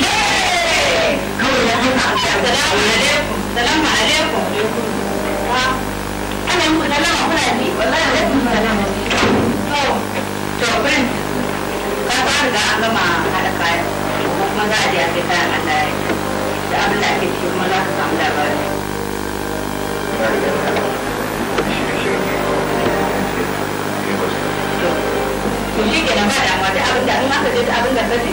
kawai gama hada kayan kuma a je a shi ke na faɗa ma abin da abin da ka ce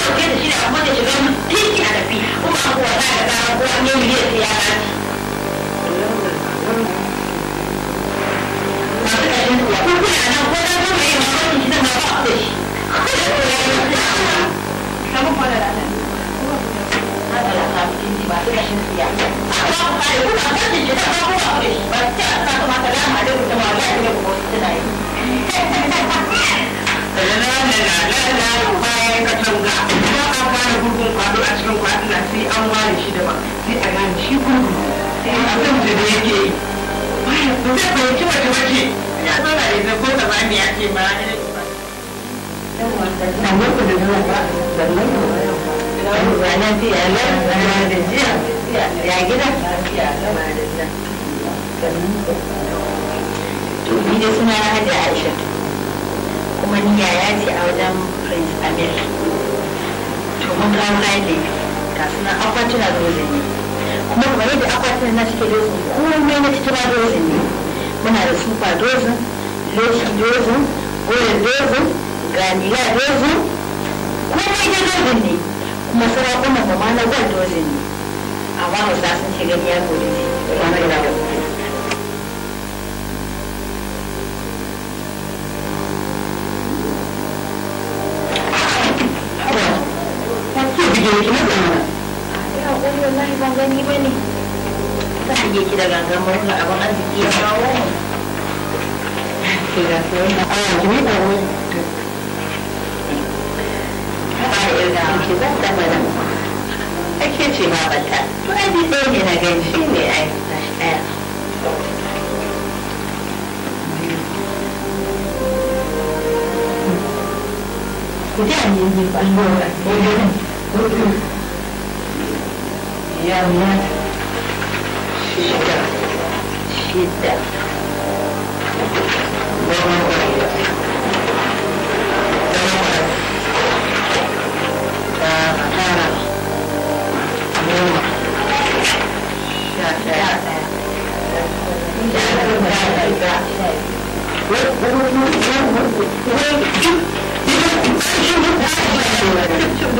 ɗauke da shi da kamar da shiga tiki a tafi kuma an ko ya kuma ba da shi. Akwai da kuma yin ya bayan bayan kasan ga za ka gane gurgun kwado a cikin kwaduna sai an ware shi daban sai a gane shi gurgun sai ya san da yake yi baya so da fahimci mace mace ya zo da ita ko ta bani ya ce ba ne Sannan ku da zuwa ba, sannan ku da zuwa ba. Rana fiye da rana da jiya, ya gida? Ya gida. Sannan ku. To, ni da suna hajji Aisha. wani yaya ce a wajen prince amir to mun kawo kayan laifi ga suna akwatuna dozin ne kuma kamar yadda akwatuna na cike dozin komai na cike ma dozin ne muna da sufa dozin leshi dozin goyon dozin ganila dozin komai da dozin ne kuma sarakunan mu na gwal dozin ne amma hausa sun ce gani ya gode ne shige miki na zama. gani wani Ake ce ma bata. To ɗaya ne na shi ne ai. Ɗaya. Ku ji a ne ba. yamma shida shida Wait, wait, wait, wait,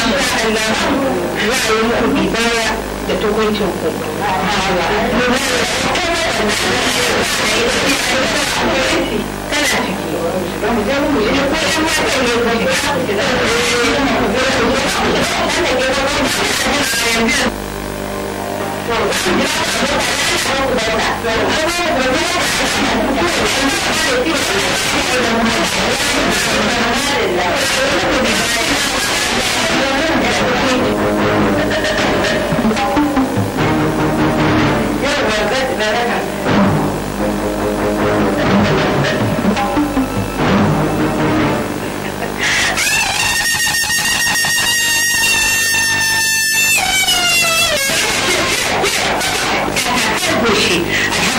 sa'an nan za a yi muku bibaya da tukuncin ku. Thank you.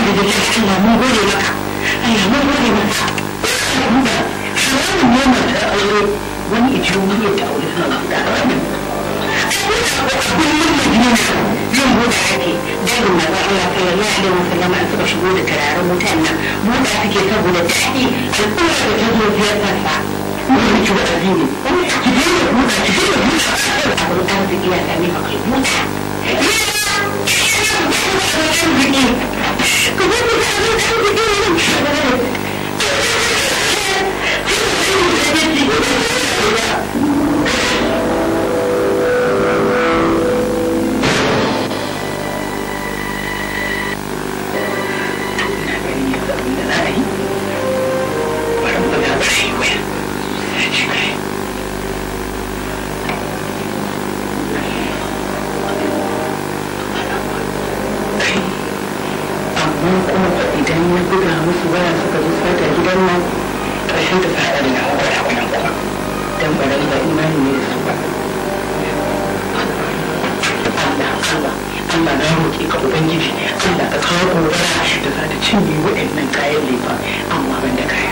da gaske suna mun gode maka Allah mun gode maka Shiranin ne mata aure wani ijiyo mun yadda aure suna ba da ramin. Kullum da biyu zan bude kake dangin maza Allah kai ya yi da musulama an suka shigo da turaren wutan nan mota suke saboda daɗi da tsoro da ta zo biyar sassa. Mun yi kiwo azini. Ki daina buɗa ki daina buɗa. Abin arziki ya same ka kai buɗa. ta mun buga musu waya suka zo gidan nan ƙarshen ta sa da na waya kuma dan ba imani ne da su ba Allah na roƙe ka Ubangiji Allah ka kawo gobara da za ta cinye waɗannan kayan lefa amma ban da kayan